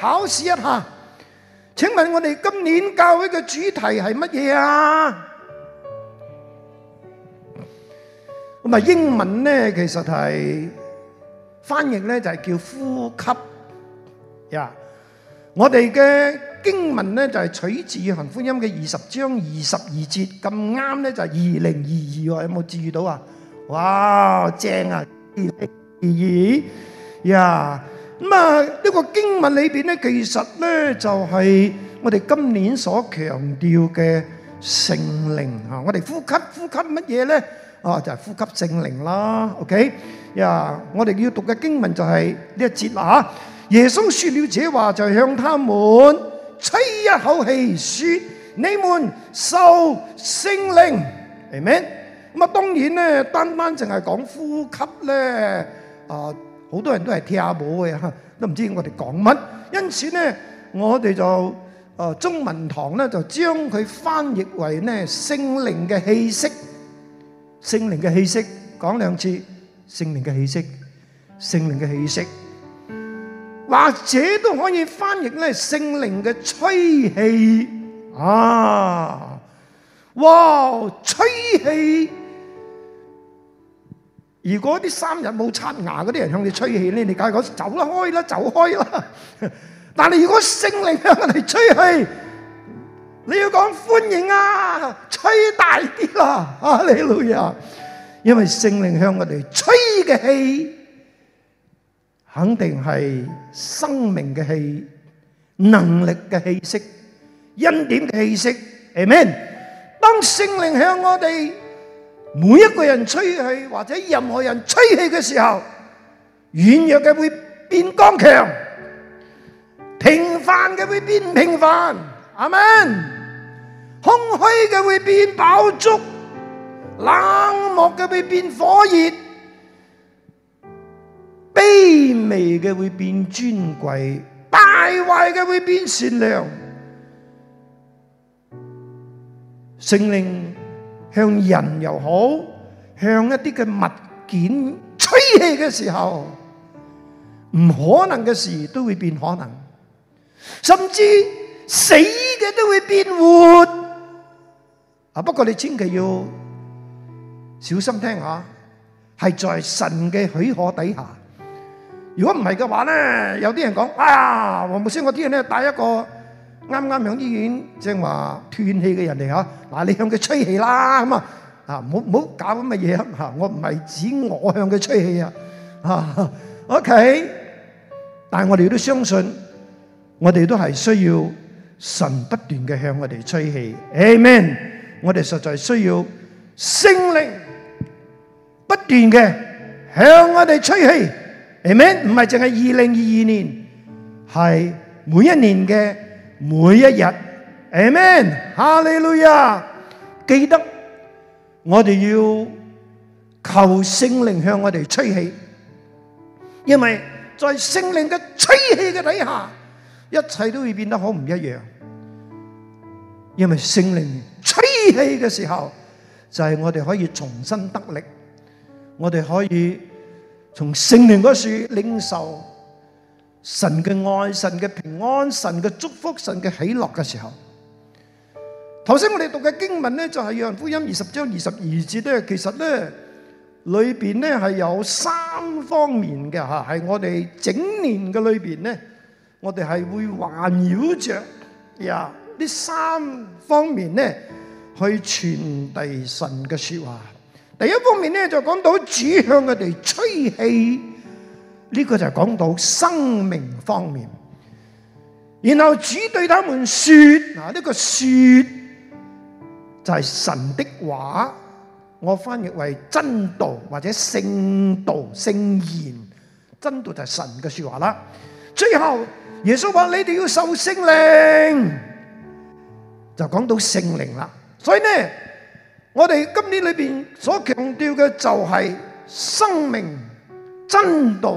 考試一下，請問我哋今年教會嘅主題係乜嘢啊？咁啊，英文咧，其實係翻譯咧，就係叫呼吸呀。我哋嘅經文咧，就係取自《約翰福音》嘅二十章二十二節，咁啱咧，就係二零二二。有冇注意到啊？哇，正啊，二零二二呀！咁啊，呢個經文裏邊咧，其實咧就係我哋今年所強調嘅聖靈啊！我哋呼吸呼吸乜嘢咧？啊，就係呼吸聖靈啦。OK，呀，我哋要讀嘅經文就係呢一節啦。耶穌説了這話，就向他們吹一口氣，説：你們受聖靈，係咩？咁啊，當然咧，單單淨係講呼吸咧，啊。好多人都係踢下舞嘅嚇，都唔知我哋講乜。因此咧，我哋就誒中文堂咧就將佢翻譯為咧聖靈嘅氣息，聖靈嘅氣息講兩次，聖靈嘅氣息，聖靈嘅氣息，或者都可以翻譯咧聖靈嘅吹氣啊，哇吹氣！如果啲三日冇刷牙嗰啲人向你吹氣咧，你梗係講，走開啦，走開啦！但係如果聖靈向我哋吹氣，你要講歡迎啊，吹大啲啦，哈利路亞，因為聖靈向我哋吹嘅氣，肯定係生命嘅氣、能力嘅氣息、恩典嘅氣息。阿們，當聖靈向我哋。每一個人吹氣或者任何人吹氣嘅時候，軟弱嘅會變剛強，平凡嘅會變平凡，阿們，空虛嘅會變飽足，冷漠嘅會變火熱，卑微嘅會變尊貴，敗壞嘅會變善良，聖靈。向人又好，向一啲嘅物件吹氣嘅時候，唔可能嘅事都會變可能，甚至死嘅都會變活。啊！不過你千祈要小心聽下，係在神嘅許可底下。如果唔係嘅話咧，有啲人講啊，黃木知我啲人咧帶一個。啱啱喺醫院正話斷氣嘅人嚟吓，嗱，你向佢吹氣啦咁啊，吓，唔好唔好搞咁嘅嘢吓，我唔係指我向佢吹氣啊，吓，OK，但係我哋都相信，我哋都係需要神不斷嘅向我哋吹氣，amen。我哋實在需要聖靈不斷嘅向我哋吹氣，amen。唔係淨係二零二二年，係每一年嘅。每一日，Amen，哈利路亞，記得我哋要求聖靈向我哋吹氣，因為在聖靈嘅吹氣嘅底下，一切都會變得好唔一樣。因為聖靈吹氣嘅時候，就係我哋可以重新得力，我哋可以從聖靈嗰處領受。神嘅愛，神嘅平安，神嘅祝福，神嘅喜樂嘅時候，頭先我哋讀嘅經文咧就係約翰福音二十章二十二節咧，其實咧裏邊咧係有三方面嘅吓，係我哋整年嘅裏邊咧，我哋係會環繞着呀呢三方面咧去傳遞神嘅說話。第一方面咧就講到主向佢哋吹氣。呢個就係講到生命方面，然後只對他們說：嗱，呢個說就係神的話，我翻譯為真道或者聖道聖言，真道就係神嘅說話啦。最後耶穌話：你哋要受聖靈，就講到聖靈啦。所以呢，我哋今年裏邊所強調嘅就係生命真道。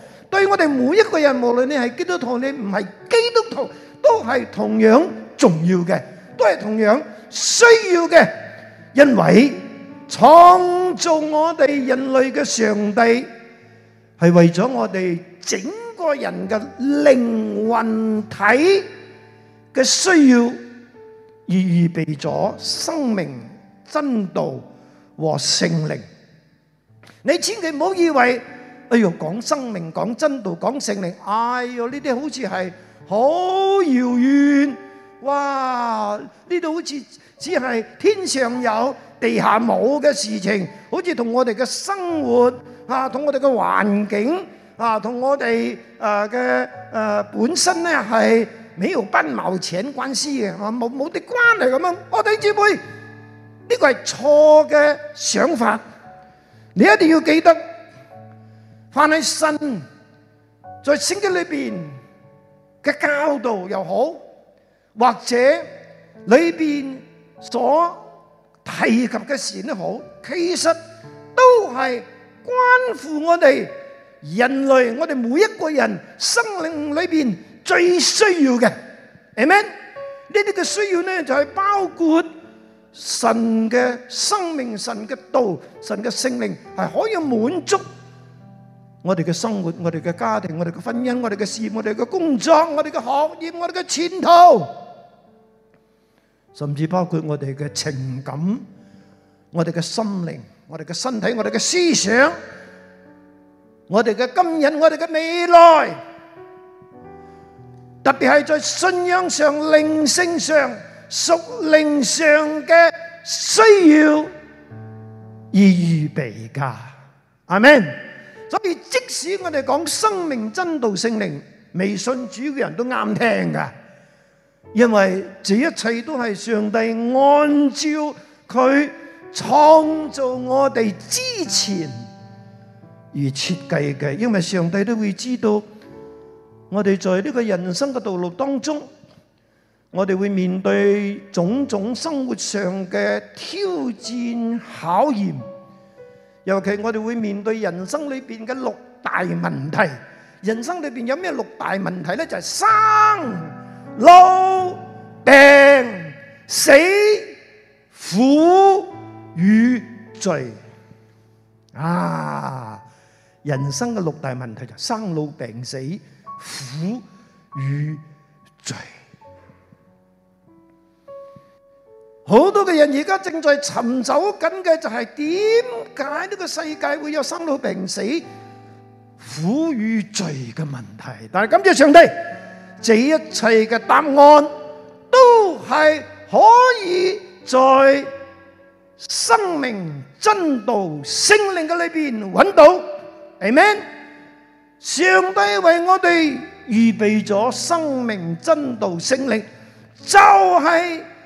對我哋每一個人，無論你係基督徒，你唔係基督徒，都係同樣重要嘅，都係同樣需要嘅。因為創造我哋人類嘅上帝，係為咗我哋整個人嘅靈魂體嘅需要而預備咗生命、真道和聖靈。你千祈唔好以為。哎呦，講生命、講真道、講聖靈，哎呦呢啲好似係好遙遠，哇！呢度好似只係天上有、地下冇嘅事情，好似同我哋嘅生活啊，同我哋嘅環境啊，同我哋誒嘅誒本身咧係冇半毛錢關係嘅，冇冇啲關係咁樣。我哋姊妹呢個係錯嘅想法，你一定要記得。翻喺神，在聖經裏邊嘅教導又好，或者裏邊所提及嘅事都好，其實都係關乎我哋人類，我哋每一個人生命裏邊最需要嘅，係咪？呢啲嘅需要呢就係包括神嘅生命、神嘅道、神嘅聖靈係可以滿足。我哋嘅生活，我哋嘅家庭，我哋嘅婚姻，我哋嘅事業，我哋嘅工作，我哋嘅學業，我哋嘅前途，甚至包括我哋嘅情感、我哋嘅心靈、我哋嘅身體、我哋嘅思想、我哋嘅今日、我哋嘅未來，特別係在信仰上、靈性上、屬靈上嘅需要而預備噶。阿門。所以即使我哋講生命真道、聖靈，未信主嘅人都啱聽嘅，因為這一切都係上帝按照佢創造我哋之前而設計嘅。因為上帝都會知道我哋在呢個人生嘅道路當中，我哋會面對種種生活上嘅挑戰考驗。尤其我哋會面對人生裏邊嘅六大問題。人生裏邊有咩六大問題咧？就係生、老、病、死、苦與罪。啊，人生嘅六大問題就係生、老、病、死、苦與罪。好多嘅人而家正在尋找緊嘅就係點解呢個世界會有生老病死、苦與罪嘅問題。但係感謝上帝，這一切嘅答案都係可以在生命真道聖靈嘅裏邊揾到。阿們，上帝為我哋預備咗生命真道聖靈，就係。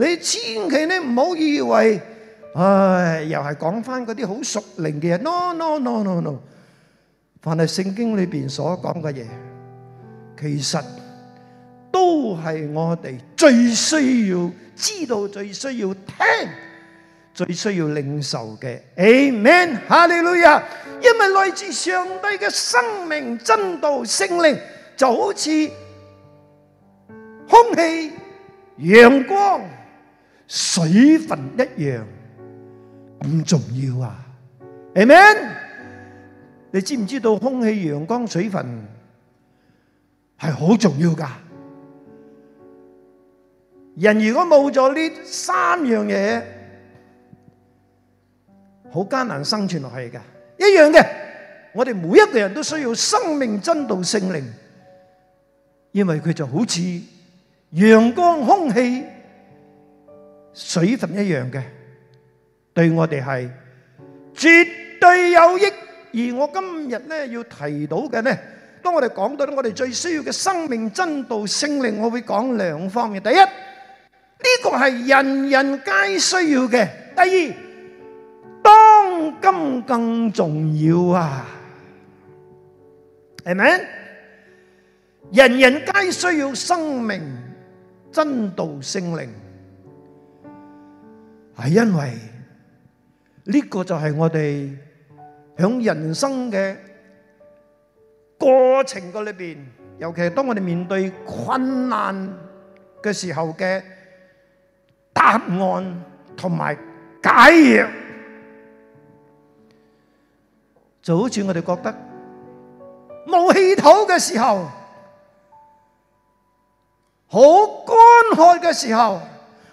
你千祈呢唔好以為，唉，又係講翻嗰啲好熟靈嘅嘢。No，no，no，no，no no。No, no, no. 凡係聖經裏邊所講嘅嘢，其實都係我哋最需要知道、最需要聽、最需要領受嘅。Amen，哈利路亞。因為來自上帝嘅生命真道聖靈，就好似空氣、陽光。水分一樣咁重要啊，Amen？你知唔知道空氣、陽光、水分係好重要噶？人如果冇咗呢三樣嘢，好艱難生存落去嘅。一樣嘅，我哋每一個人都需要生命真道聖靈，因為佢就好似陽光、空氣。水分一樣嘅，對我哋係絕對有益。而我今日咧要提到嘅咧，當我哋講到咧，我哋最需要嘅生命真道聖靈，我會講兩方面。第一，呢個係人人皆需要嘅；第二，當今更重要啊，係咪？人人皆需要生命真道聖靈。係因為呢、這個就係我哋響人生嘅過程嘅裏邊，尤其係當我哋面對困難嘅時候嘅答案同埋解藥，就好似我哋覺得冇氣唞嘅時候，好乾旱嘅時候。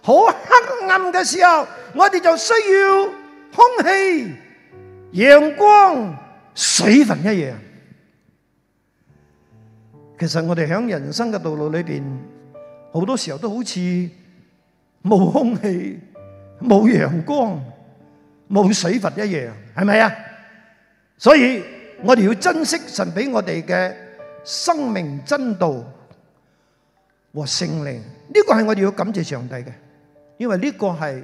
好黑暗嘅時候，我哋就需要空氣、陽光、水分一樣。其實我哋喺人生嘅道路裏面，好多時候都好似冇空氣、冇陽光、冇水分一樣，係咪啊？所以我哋要珍惜神俾我哋嘅生命真道和聖靈，呢個係我哋要感謝上帝嘅。因為呢個係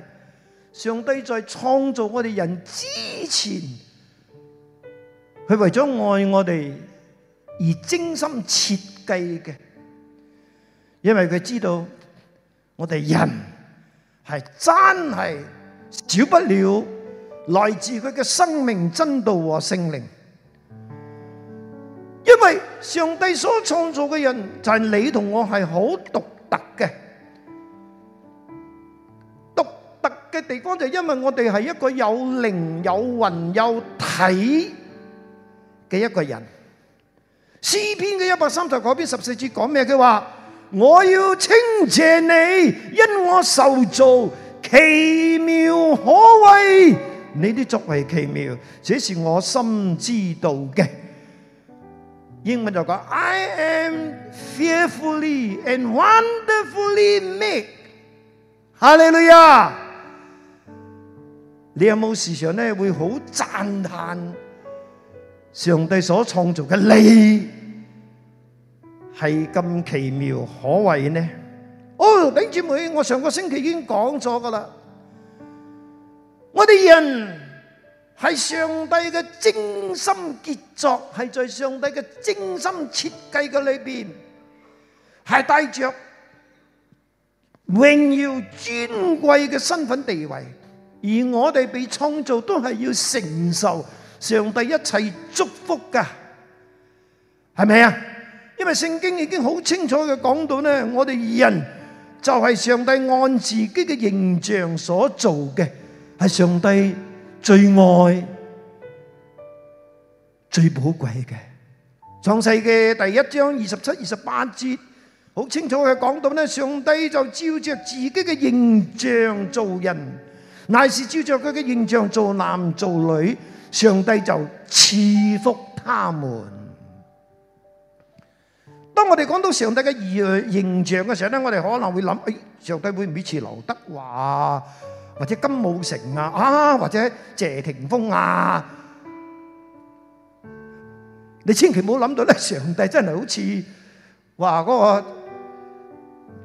上帝在創造我哋人之前，佢為咗愛我哋而精心設計嘅。因為佢知道我哋人係真係少不了來自佢嘅生命、真道和聖靈。因為上帝所創造嘅人就係你同我係好獨特嘅。嘅地方就因為我哋係一個有靈有魂有體嘅一個人。詩篇嘅一百三十九篇十四節講咩？佢話，我要稱謝你，因我受造奇妙可畏，你啲作為奇妙，這是我心知道嘅。英文就講 I am fearfully and wonderfully made。哈利路亞。你有冇時常咧會好讚嘆上帝所創造嘅你係咁奇妙可畏呢？哦，弟兄姊妹，我上個星期已經講咗㗎喇。我哋人係上帝嘅精心傑作，係在上帝嘅精心設計嘅裏邊，係帶着榮耀尊貴嘅身份地位。而我哋被創造都係要承受上帝一切祝福噶，係咪啊？因為聖經已經好清楚嘅講到呢，我哋二人就係上帝按自己嘅形象所做嘅，係上帝最愛、最寶貴嘅。創世嘅第一章二十七、二十八節，好清楚嘅講到呢，上帝就照着自己嘅形象造人。乃是照着佢嘅形象做男做女，上帝就賜福他們。當我哋講到上帝嘅形形象嘅時候咧，我哋可能會諗，哎，上帝會唔會似劉德華或者金武成啊，或者謝霆鋒啊？你千祈唔好諗到咧，上帝真係好似話嗰個。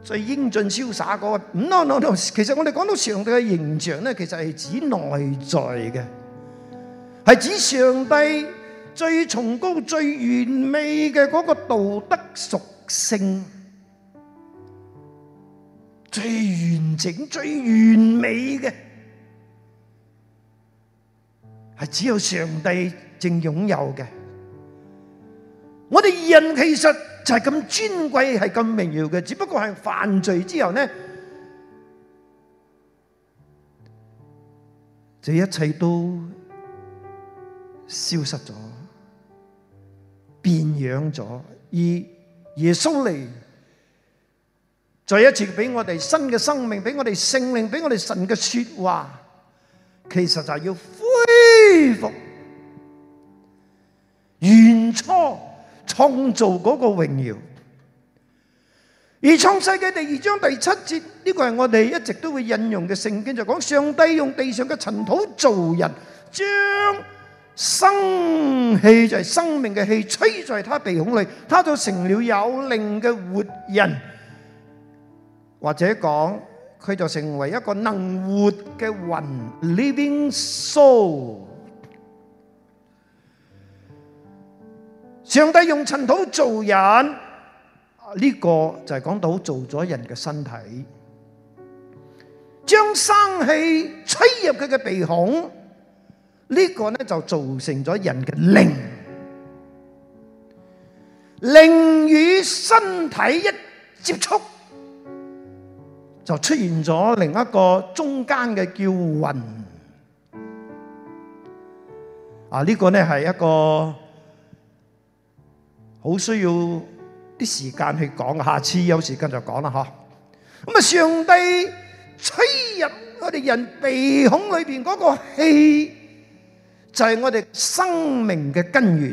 最英俊瀟灑嗰，No, no, no，其實我哋講到上帝嘅形象咧，其實係指內在嘅，係指上帝最崇高、最完美嘅嗰個道德屬性，最完整、最完美嘅，係只有上帝正擁有嘅。我哋人其實。就係咁尊貴，係咁榮耀嘅，只不過係犯罪之後呢，這一切都消失咗，變樣咗。而耶穌嚟，再一次俾我哋新嘅生命，俾我哋聖靈，俾我哋神嘅說話，其實就係要恢復原初，創造嗰個榮耀，而創世記第二章第七節呢個係我哋一直都會引用嘅聖經，就講上帝用地上嘅塵土造人，將生氣就係生命嘅氣吹在他鼻孔裏，他就成了有靈嘅活人，或者講佢就成為一個能活嘅魂 （living soul）。上帝用塵土做人，呢個就係講到做咗人嘅身體，將生氣吹入佢嘅鼻孔，呢個咧就造成咗人嘅靈，靈與身體一接觸，就出現咗另一個中間嘅叫魂，啊呢個咧係一個。好需要啲時間去講，下次有時間就講啦吓。咁啊，上帝吹入我哋人鼻孔裏邊嗰個氣，就係我哋生命嘅根源。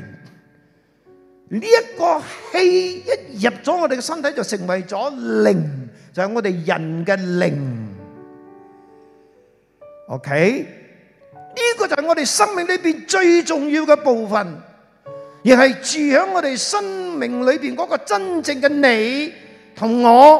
呢一個氣一入咗我哋嘅身體，就成為咗靈，就係我哋人嘅靈。OK，呢個就係我哋生命裏邊最重要嘅部分。而係住喺我哋生命裏邊嗰個真正嘅你同我，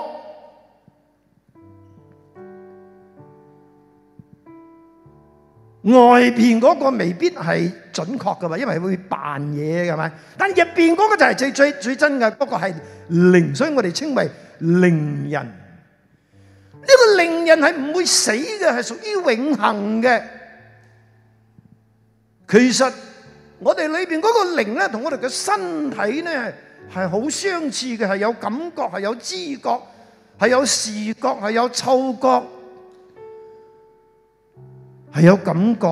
外邊嗰個未必係準確噶嘛，因為會扮嘢噶嘛。但入邊嗰個就係最最最真嘅，嗰個係靈，所以我哋稱為靈人。呢個靈人係唔會死嘅，係屬於永恆嘅。其實。我哋裏邊嗰個靈咧，同我哋嘅身體咧係好相似嘅，係有感覺，係有知覺，係有視覺，係有嗅覺，係有感覺，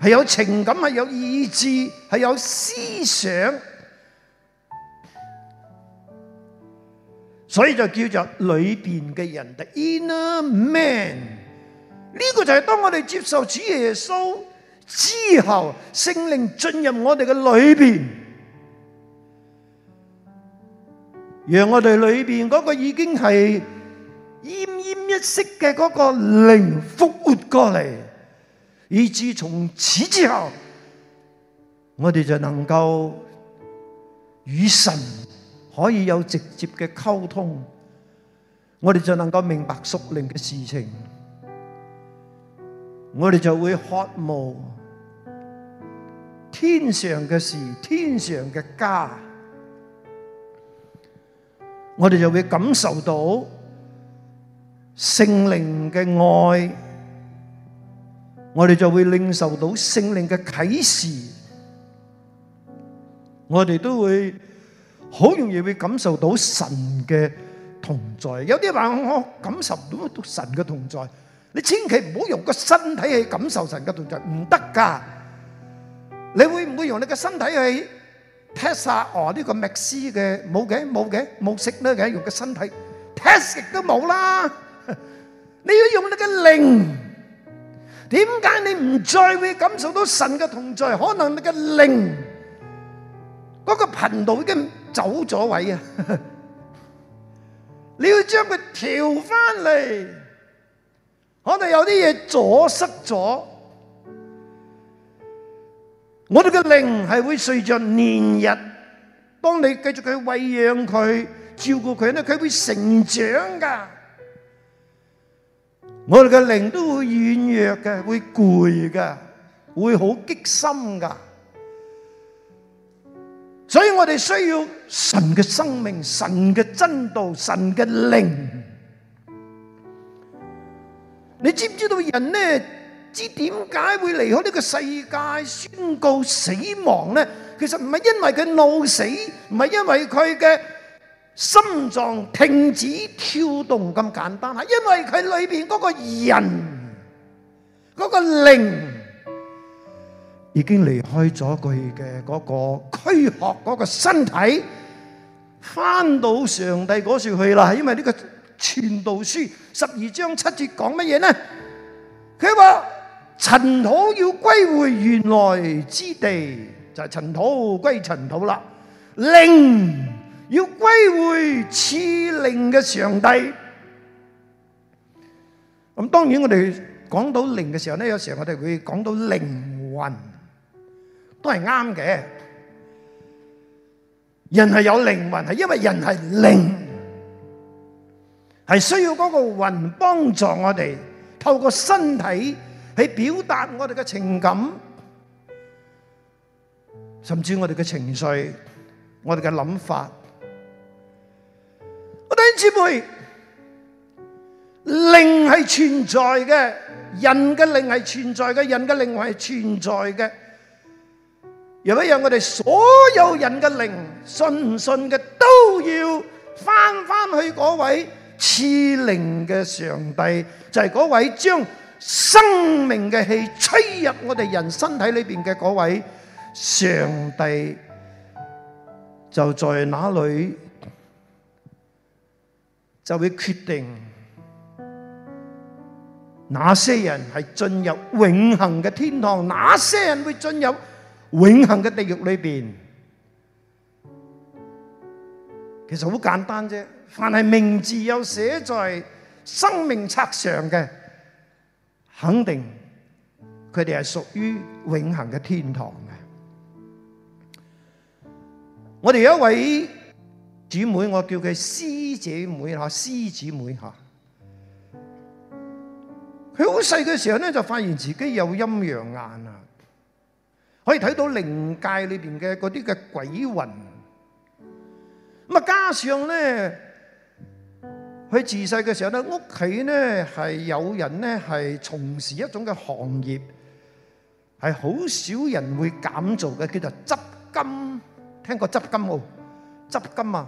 係有情感，係有意志，係有思想，所以就叫做裏邊嘅人，The inner man。呢、這個就係當我哋接受主耶穌。之後聖靈進入我哋嘅裏邊，讓我哋裏邊嗰個已經係奄奄一息嘅嗰個靈復活過嚟，以至從此之後，我哋就能夠與神可以有直接嘅溝通，我哋就能夠明白屬靈嘅事情，我哋就會渴慕。天上嘅事，天上嘅家，我哋就會感受到聖靈嘅愛，我哋就會領受到聖靈嘅啟示，我哋都會好容易會感受到神嘅同在。有啲話我感受唔到神嘅同在，你千祈唔好用個身體去感受神嘅同在，唔得㗎。你會唔會用你嘅身體去 test 啊？哦，呢個 mix 嘅冇嘅，冇嘅，冇食呢嘅用嘅身體 test 亦都冇啦。你要用你嘅靈，點解你唔再會感受到神嘅同在？可能你嘅靈嗰個頻道已經走咗位啊！你要將佢調翻嚟，可能有啲嘢阻塞咗。我哋嘅靈係會隨着年日，當你繼續去餵養佢、照顧佢呢，佢會成長噶。我哋嘅靈都會軟弱嘅，會攰嘅，會好激心噶。所以我哋需要神嘅生命、神嘅真道、神嘅靈。你知唔知道人呢？知點解會離開呢個世界宣告死亡呢？其實唔係因為佢腦死，唔係因為佢嘅心臟停止跳動咁簡單，係因為佢裏邊嗰個人嗰個靈已經離開咗佢嘅嗰個軀殼嗰個身體，返到上帝嗰處去啦。因為呢個傳道書十二章七節講乜嘢呢？佢話，塵土要歸回原來之地，就係塵土歸塵土啦。靈要歸回賜靈嘅上帝。咁當然我哋講到靈嘅時候咧，有時候我哋會講到靈魂，都係啱嘅。人係有靈魂，係因為人係靈，係需要嗰個魂幫助我哋透過身體。喺表達我哋嘅情感，甚至我哋嘅情緒，我哋嘅諗法。我哋弟兄姊妹，靈係存在嘅，人嘅靈係存在嘅，人嘅靈係存在嘅。若果讓我哋所有人嘅靈，信唔信嘅都要返返去嗰位賜靈嘅上帝，就係嗰位將。生命嘅氣吹入我哋人身體裏邊嘅嗰位上帝，就在哪裏就會決定哪些人係進入永恆嘅天堂，哪些人會進入永恆嘅地獄裏邊。其實好簡單啫，凡係名字有寫在生命冊上嘅。肯定佢哋係屬於永恆嘅天堂嘅。我哋有一位姊妹，我叫佢師姐妹吓，師姊妹吓。佢好細嘅時候咧，就發現自己有陰陽眼啊，可以睇到靈界裏邊嘅嗰啲嘅鬼魂。咁啊，加上咧。佢自細嘅時候咧，屋企咧係有人咧係從事一種嘅行業，係好少人會敢做嘅，叫做執金。聽過執金冇？執金啊，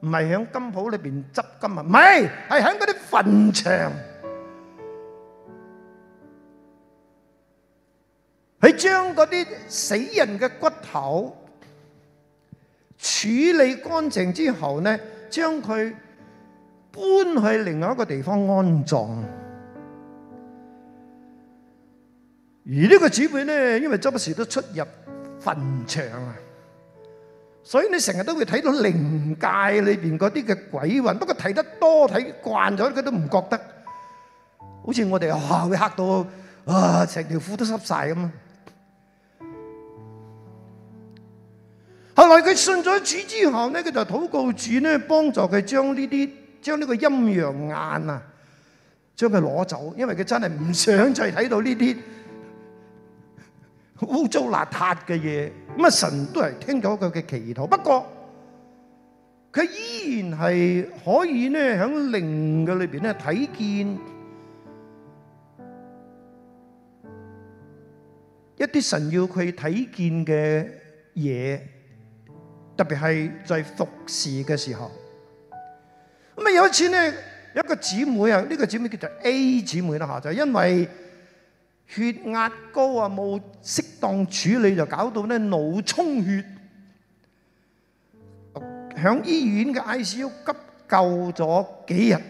唔係喺金鋪裏邊執金啊，唔係，係喺嗰啲墳場。佢將嗰啲死人嘅骨頭處理乾淨之後咧，將佢，搬去另外一個地方安葬，而呢個主僕咧，因為周不時都出入墳場啊，所以你成日都會睇到靈界裏邊嗰啲嘅鬼魂。不過睇得多睇慣咗，佢都唔覺得。好似我哋嚇會嚇到啊，成條褲都濕晒咁啊！後來佢信咗主之後咧，佢就禱告主咧，幫助佢將呢啲。將呢個陰陽眼啊，將佢攞走，因為佢真係唔想再睇到呢啲污糟邋遢嘅嘢。咁啊，神都係聽到佢嘅祈禱，不過佢依然係可以呢響靈嘅裏邊呢睇見一啲神要佢睇見嘅嘢，特別係在服侍嘅時候。咁啊，有一次咧，有一個姊妹啊，呢個姊妹叫做 A 姊妹啦嚇，就因為血壓高啊，冇適當處理就搞到咧腦充血，喺醫院嘅 ICU 急救咗幾日，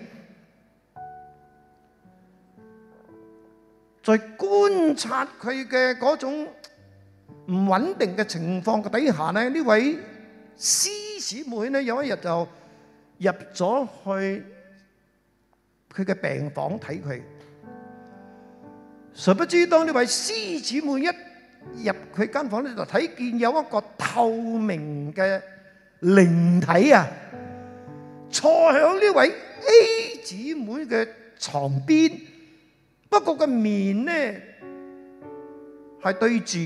在觀察佢嘅嗰種唔穩定嘅情況嘅底下咧，呢位 C 姊妹咧有一日就入咗去佢嘅病房睇佢，誰不知當呢位師姊妹一入佢間房咧，就睇見有一個透明嘅靈體啊，坐響呢位 A 姊妹嘅床邊，不過個面咧係對住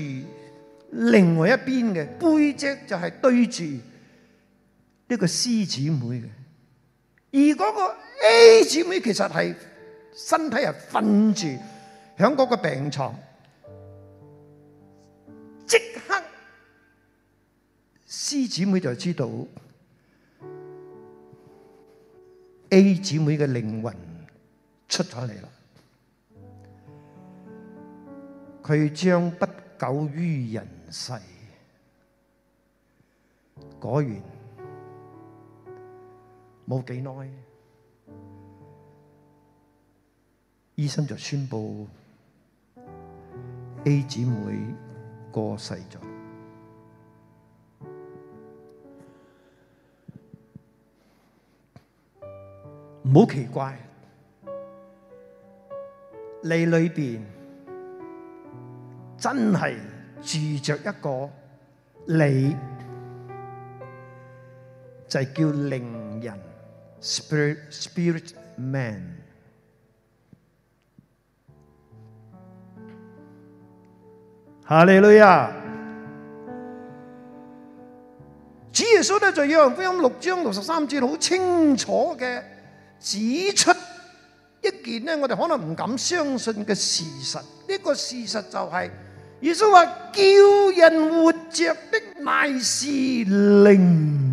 另外一邊嘅，背脊就係對住呢個師姊妹嘅。而嗰個 A 姊妹其實係身體係瞓住，喺嗰個病牀，即刻 C 姊妹就知道 A 姊妹嘅靈魂出咗嚟啦，佢將不久於人世，果然。冇幾耐，醫生就宣布 A 姊妹過世咗。唔好奇怪，你裏面真係住著一個你，就叫令人。Spirit Man，哈利路亞！主耶穌呢在約翰福音六章六十三節好清楚嘅指出一件呢，我哋可能唔敢相信嘅事實，呢個事實就係耶穌話叫人活着的乃是靈。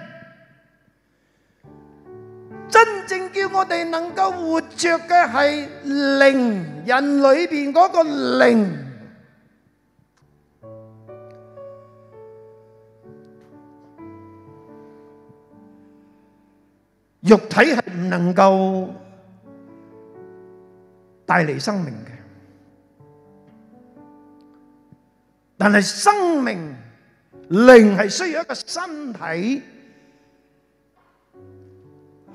真正叫我哋能夠活着嘅係靈，人裏面嗰個靈，肉體係唔能夠帶嚟生命嘅，但係生命靈係需要一個身體。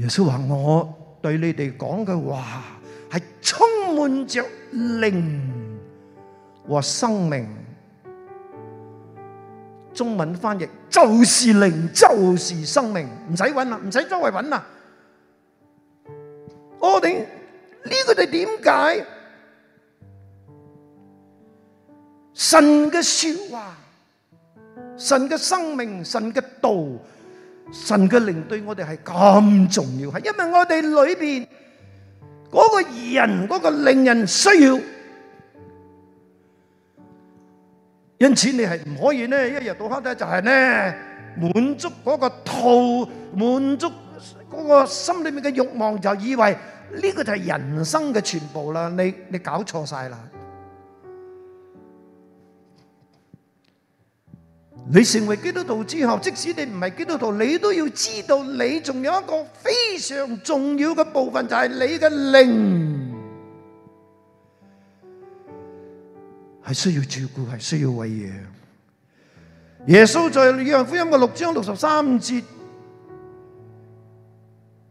耶穌話：我對你哋講嘅話係充滿着靈和生命。中文翻譯就是靈，就是生命，唔使揾啦，唔使周圍揾啦。我哋呢個哋點解神嘅說話、神嘅生命、神嘅道？神嘅靈對我哋係咁重要，係因為我哋裏邊嗰個人嗰個令人需要，因此你係唔可以呢一日到黑咧就係呢滿足嗰個肚滿足嗰個心裏面嘅慾望，就以為呢個就係人生嘅全部啦！你你搞錯晒啦。你成為基督徒之後，即使你唔係基督徒，你都要知道，你仲有一個非常重要嘅部分，就係你嘅靈，係需要照顧，係需要餵養。耶穌在約翰福音嘅六章六十三節，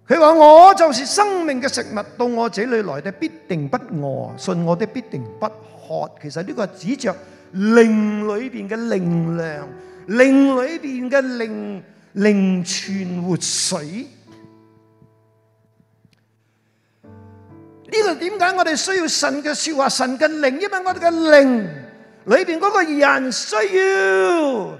佢話我就是生命嘅食物，到我這裏來的必定不餓，信我的必定不渴。其實呢個係指著。靈裏邊嘅靈糧，靈裏邊嘅靈靈泉活水，呢個點解我哋需要神嘅說話、神嘅靈？因為我哋嘅靈裏邊嗰個人需要。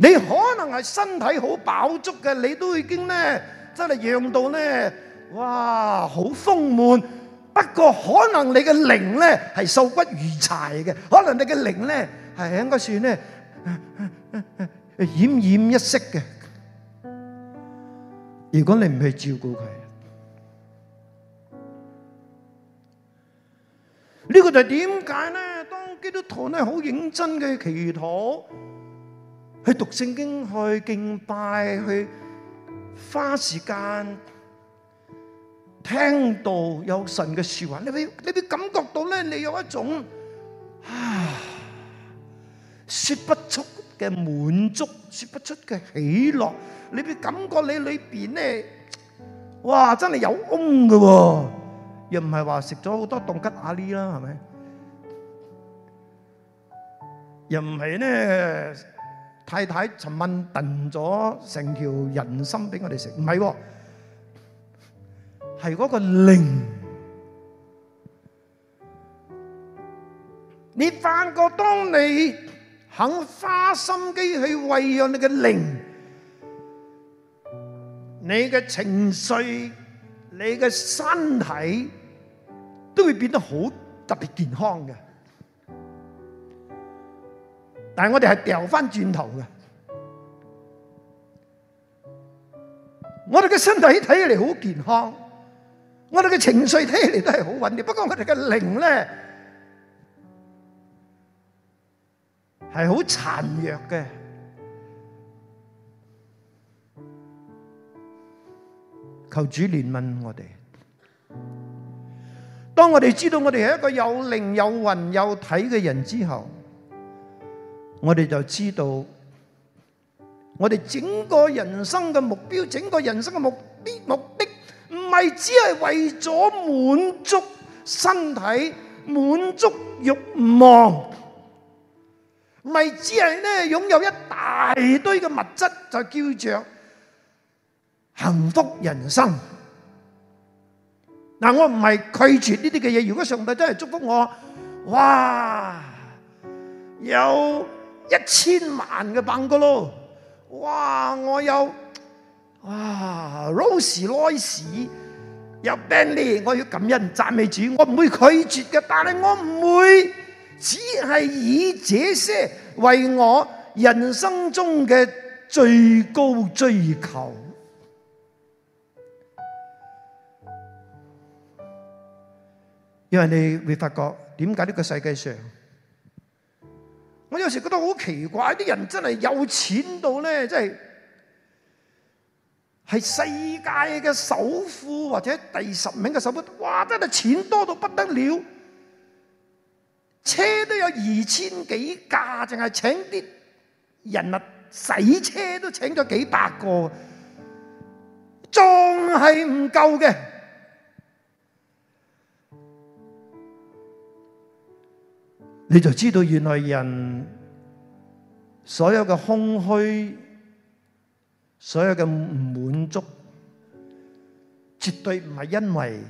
你可能係身體好飽足嘅，你都已經咧，真係讓到咧。哇，好豐滿，不過可能你嘅靈咧係瘦骨如柴嘅，可能你嘅靈咧係應該算咧奄奄一息嘅。如果你唔去照顧佢，呢個就係點解咧，當基督徒咧好認真嘅祈禱，去讀聖經、去敬拜、去花時間。聽到有神嘅説話，你會你會感覺到咧，你有一種啊，説不出嘅滿足，説不出嘅喜樂，你會感覺你裏邊咧，哇，真係有空嘅喎，又唔係話食咗好多棟吉阿啲啦，係咪？又唔係咧，太太尋問燉咗成條人參俾我哋食，唔係喎。係嗰個靈，你發覺當你肯花心機去餵養你嘅靈，你嘅情緒、你嘅身體都會變得好特別健康嘅。但係我哋係掉翻轉頭嘅，我哋嘅身體睇起嚟好健康。我哋嘅情緒聽起嚟都係好穩定，不過我哋嘅靈呢係好孱弱嘅。求主憐憫我哋。當我哋知道我哋係一個有靈有魂有體嘅人之後，我哋就知道我哋整個人生嘅目標，整個人生嘅目目。咪只係為咗滿足身體、滿足欲望，咪只係咧擁有一大堆嘅物質就叫做幸福人生。嗱，我唔係拒絕呢啲嘅嘢。如果上帝真係祝福我，哇，有一千萬嘅棒哥咯，哇，我有。哇 Rose loss 又 benefit 我要感恩讚美主，我唔會拒絕嘅，但係我唔會只係以這些為我人生中嘅最高追求。因為你會發覺點解呢個世界上，我有時覺得好奇怪，啲人真係有錢到咧，真係。係世界嘅首富或者第十名嘅首富，哇！真係錢多到不得了，車都有二千幾架，淨係請啲人啊，洗車都請咗幾百個，仲係唔夠嘅，你就知道原來人所有嘅空虛。所有嘅唔滿足，絕對唔係因為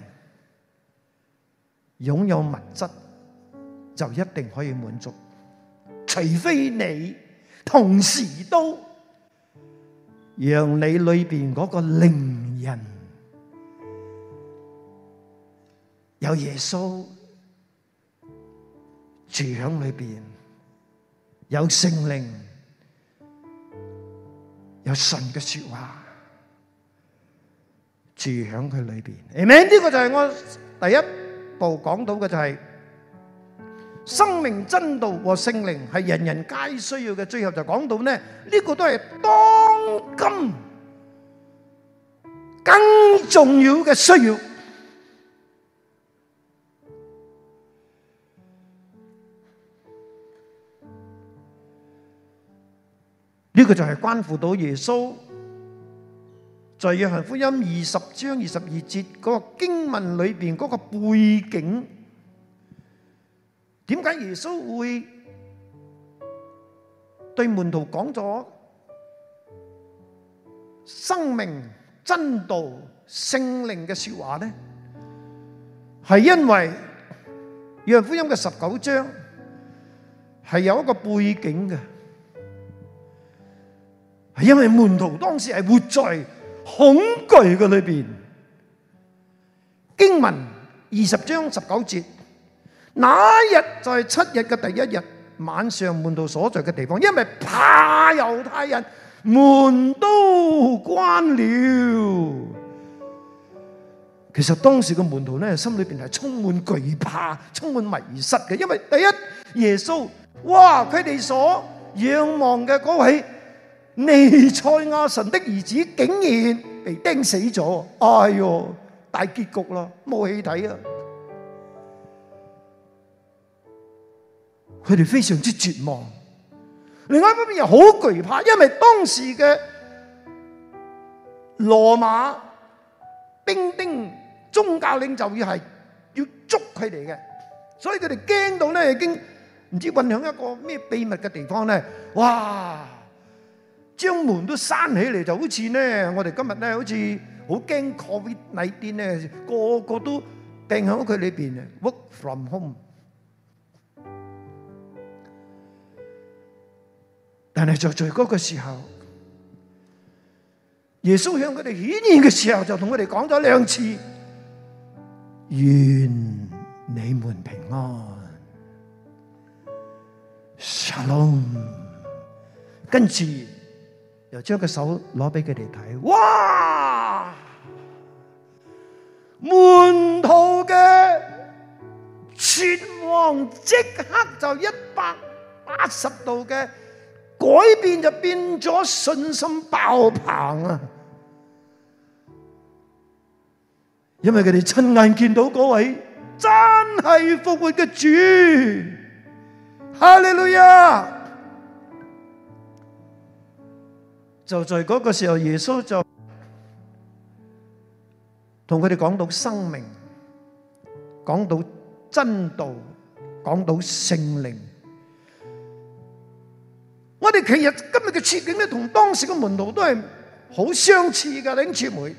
擁有物質，就一定可以滿足，除非你同時都讓你裏面嗰個靈人有耶穌住響裏面，有聖靈。有神嘅說話住響佢裏邊，明唔明？呢個就係我第一步講到嘅，就係生命真道和聖靈係人人皆需要嘅。最後就講到呢，呢個都係當今更重要嘅需要。呢個就係關乎到耶穌在約翰福音二十章二十二節嗰個經文裏邊嗰個背景，點解耶穌會對門徒講咗生命、真道、聖靈嘅說話咧？係因為約翰福音嘅十九章係有一個背景嘅。係因為門徒當時係活在恐懼嘅裏邊，經文二十章十九節，那一日就係七日嘅第一日晚上，門徒所在嘅地方，因為怕猶太人，門都關了。其實當時嘅門徒咧，心裏邊係充滿懼怕、充滿迷失嘅，因為第一，耶穌，哇！佢哋所仰望嘅嗰位。彌賽亞神的兒子竟然被釘死咗，哎呦，大結局啦，冇戲睇啊！佢哋非常之絕望。另外一方面又好懼怕，因為當時嘅羅馬兵丁宗教領袖要係要捉佢哋嘅，所以佢哋驚到咧已經唔知匿響一個咩秘密嘅地方咧，哇！將門都閂起嚟，就好似咧，我哋今日咧，好似好驚 Covid 嗰啲咧，個個都掟喺屋企裏邊 work from home。但係就在嗰個時候，耶穌向佢哋顯現嘅時候，就同佢哋講咗兩次：願你們平安，Shalom。跟住。又將個手攞俾佢哋睇，哇！門徒嘅絕望即刻就一百八十度嘅改變，就變咗信心爆棚啊！因為佢哋親眼見到嗰位真係復活嘅主，哈利路亞！就在嗰個時候，耶穌就同佢哋講到生命，講到真道，講到聖靈。我哋其實今日嘅處境咧，同當時嘅門徒都係好相似嘅，弟兄姊妹。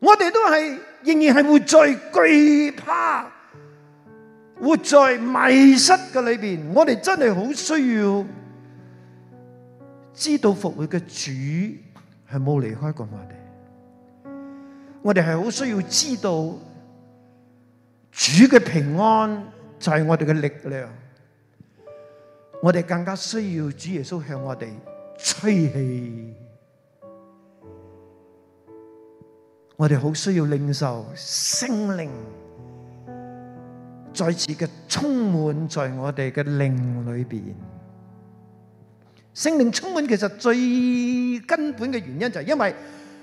我哋都係仍然係活在懼怕、活在迷失嘅裏邊。我哋真係好需要。知道復活嘅主係冇離開過我哋，我哋係好需要知道主嘅平安就係我哋嘅力量，我哋更加需要主耶穌向我哋吹氣，我哋好需要領受聖靈再次嘅充滿在我哋嘅靈裏邊。聖靈充滿其實最根本嘅原因就係因為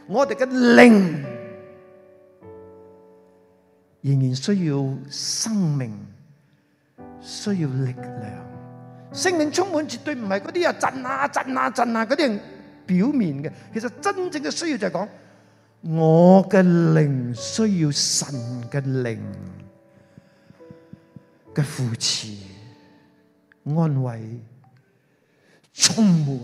我哋嘅靈仍然需要生命，需要力量。聖靈充滿絕對唔係嗰啲啊震啊震啊震啊嗰啲表面嘅，其實真正嘅需要就係講我嘅靈需要神嘅靈嘅扶持、安慰。充滿，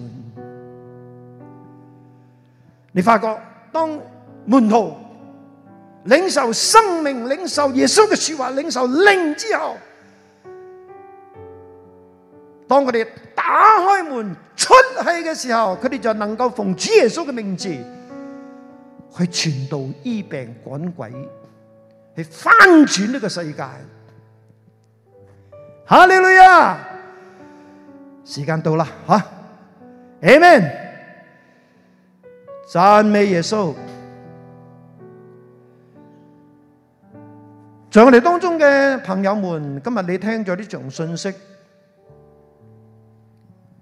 你發覺當門徒領受生命、領受耶穌嘅說話、領受靈之後，當佢哋打開門出去嘅時候，佢哋就能夠奉主耶穌嘅名字去傳道、醫病、趕鬼，去翻轉呢個世界。哈利路亞！時間到啦，吓，Amen，讚美耶穌。在我哋當中嘅朋友們，今日你聽咗呢場信息，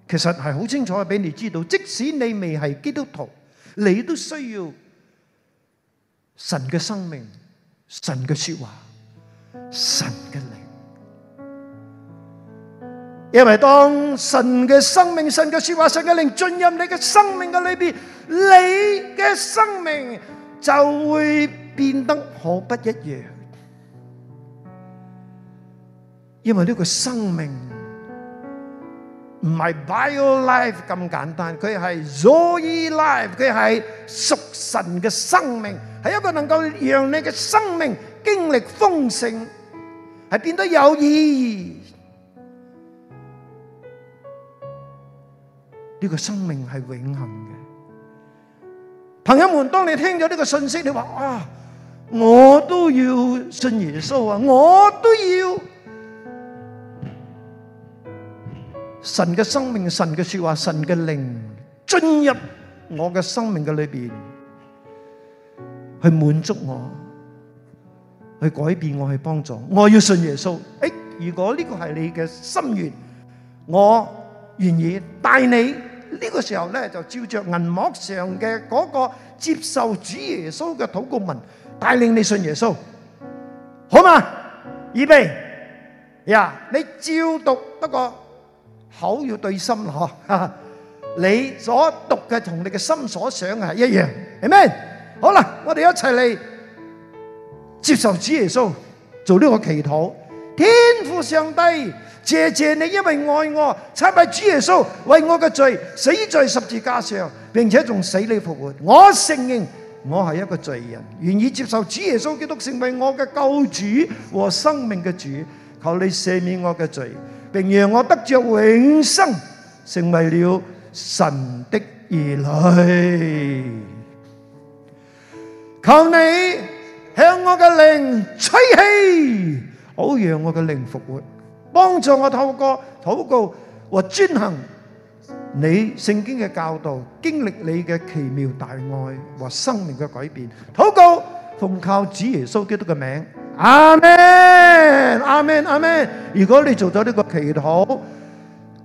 其實係好清楚俾你知道，即使你未係基督徒，你都需要神嘅生命、神嘅說話、神嘅靈。因為當神嘅生命、神嘅說話、神嘅靈進入你嘅生命嘅裏面，你嘅生命就會變得好不一樣。因為呢個生命唔係 bio life 咁簡單，佢係 Zoe life，佢係屬神嘅生命，係一個能夠讓你嘅生命經歷豐盛，係變得有意義。呢個生命係永恆嘅，朋友們，當你聽咗呢個信息，你話啊，我都要信耶穌啊，我都要神嘅生命、神嘅說話、神嘅靈進入我嘅生命嘅裏邊，去滿足我，去改變我，去幫助我，要信耶穌。誒，如果呢個係你嘅心願，我願意帶你。呢個時候咧就照着銀幕上嘅嗰個接受主耶穌嘅禱告文，帶領你信耶穌，好嘛？預備呀！你照讀得個口要對心咯嗬，你所讀嘅同你嘅心所想係一樣，係咪？好啦，我哋一齊嚟接受主耶穌做呢個祈禱。天父上帝，謝謝你，因為愛我，差遣主耶穌為我嘅罪死在十字架上，並且仲死裏復活。我承認我係一個罪人，願意接受主耶穌基督成為我嘅救主和生命嘅主。求你赦免我嘅罪，並讓我得着永生，成為了神的兒女。求你向我嘅靈吹氣，好讓我嘅靈復活。幫助我透過禱告和遵行你聖經嘅教導，經歷你嘅奇妙大愛和生命嘅改變。禱告，奉靠主耶穌基督嘅名，阿門，阿門，阿門。如果你做咗呢個祈禱，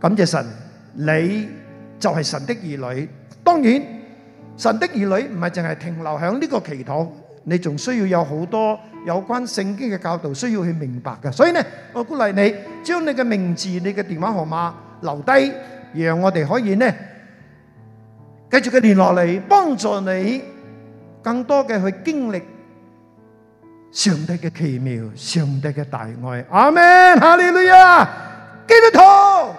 感謝神，你就係神的兒女。當然，神的兒女唔係淨係停留響呢個祈禱，你仲需要有好多。有關聖經嘅教導需要去明白嘅，所以呢，我鼓勵你將你嘅名字、你嘅電話號碼留低，讓我哋可以呢繼續嘅聯絡你，幫助你更多嘅去經歷上帝嘅奇妙、上帝嘅大愛。阿門！哈利路亞！基督徒，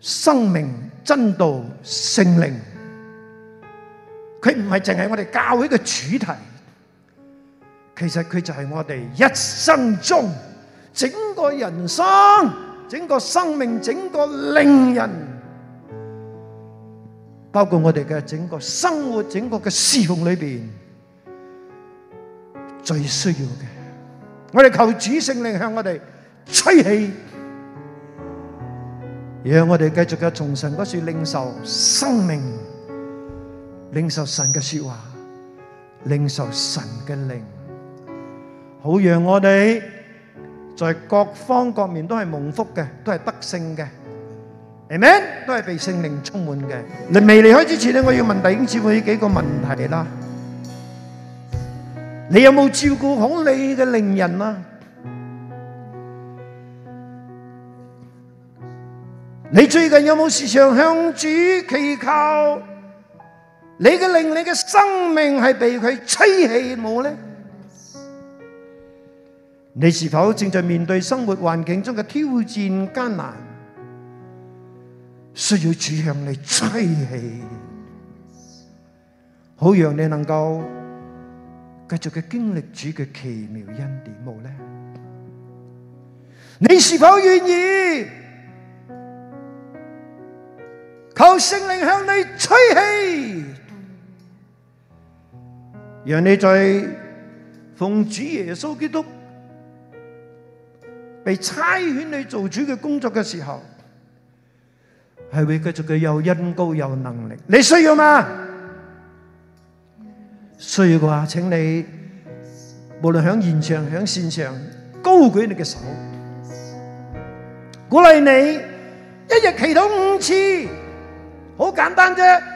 生命真道聖靈。佢唔係淨係我哋教會嘅主題，其實佢就係我哋一生中整個人生、整個生命、整個令人，包括我哋嘅整個生活、整個嘅侍奉裏邊最需要嘅。我哋求主聖靈向我哋吹氣，讓我哋繼續嘅從神嗰處領受生命。領受神嘅說話，領受神嘅靈，好讓我哋在各方各面都係蒙福嘅，都係得勝嘅，係咪？都係被聖靈充滿嘅。你未離開之前咧，我要問弟兄姊妹幾個問題啦。你有冇照顧好你嘅靈人啊？你最近有冇時常向主祈求？你嘅靈你嘅生命係被佢吹氣冇咧？你是否正在面對生活環境中嘅挑戰艱難，需要主向你吹氣，好讓你能夠繼續嘅經歷主嘅奇妙恩典冇咧？你是否願意求聖靈向你吹氣？讓你在奉主耶穌基督被差遣去做主嘅工作嘅時候，係會繼續嘅有恩膏，有能力。你需要嗎？需要嘅話，請你無論響現場響線上高舉你嘅手，鼓勵你一日祈禱五次，好簡單啫。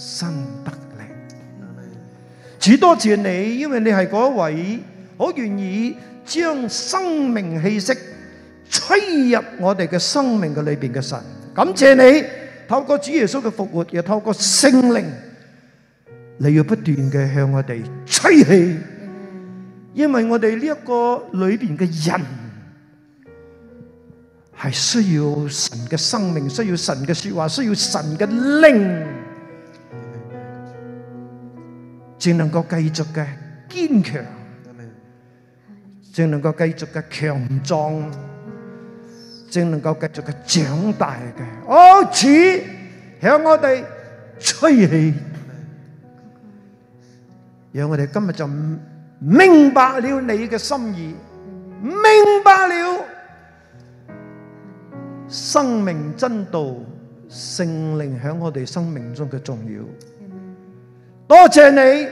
生得力，主多謝你，因為你係嗰位好願意將生命氣息吹入我哋嘅生命嘅裏邊嘅神。感謝你透過主耶穌嘅復活，又透過聖靈，你要不斷嘅向我哋吹氣，因為我哋呢一個裏邊嘅人係需要神嘅生命，需要神嘅說話，需要神嘅靈。正能夠繼續嘅堅強，正能夠繼續嘅強壯，正能夠繼續嘅長大嘅，好似向我哋吹氣，讓我哋今日就明白了你嘅心意，明白了生命真道、聖靈喺我哋生命中嘅重要。多謝你，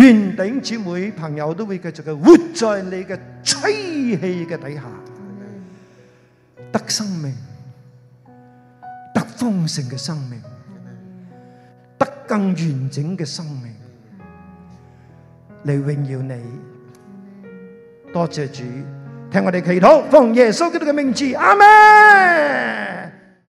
圓頂姊妹朋友都會繼續嘅活在你嘅吹氣嘅底下，得生命，得豐盛嘅生命，得更完整嘅生命，嚟榮耀你。多謝主，聽我哋祈禱，奉耶穌基督嘅名字，阿門。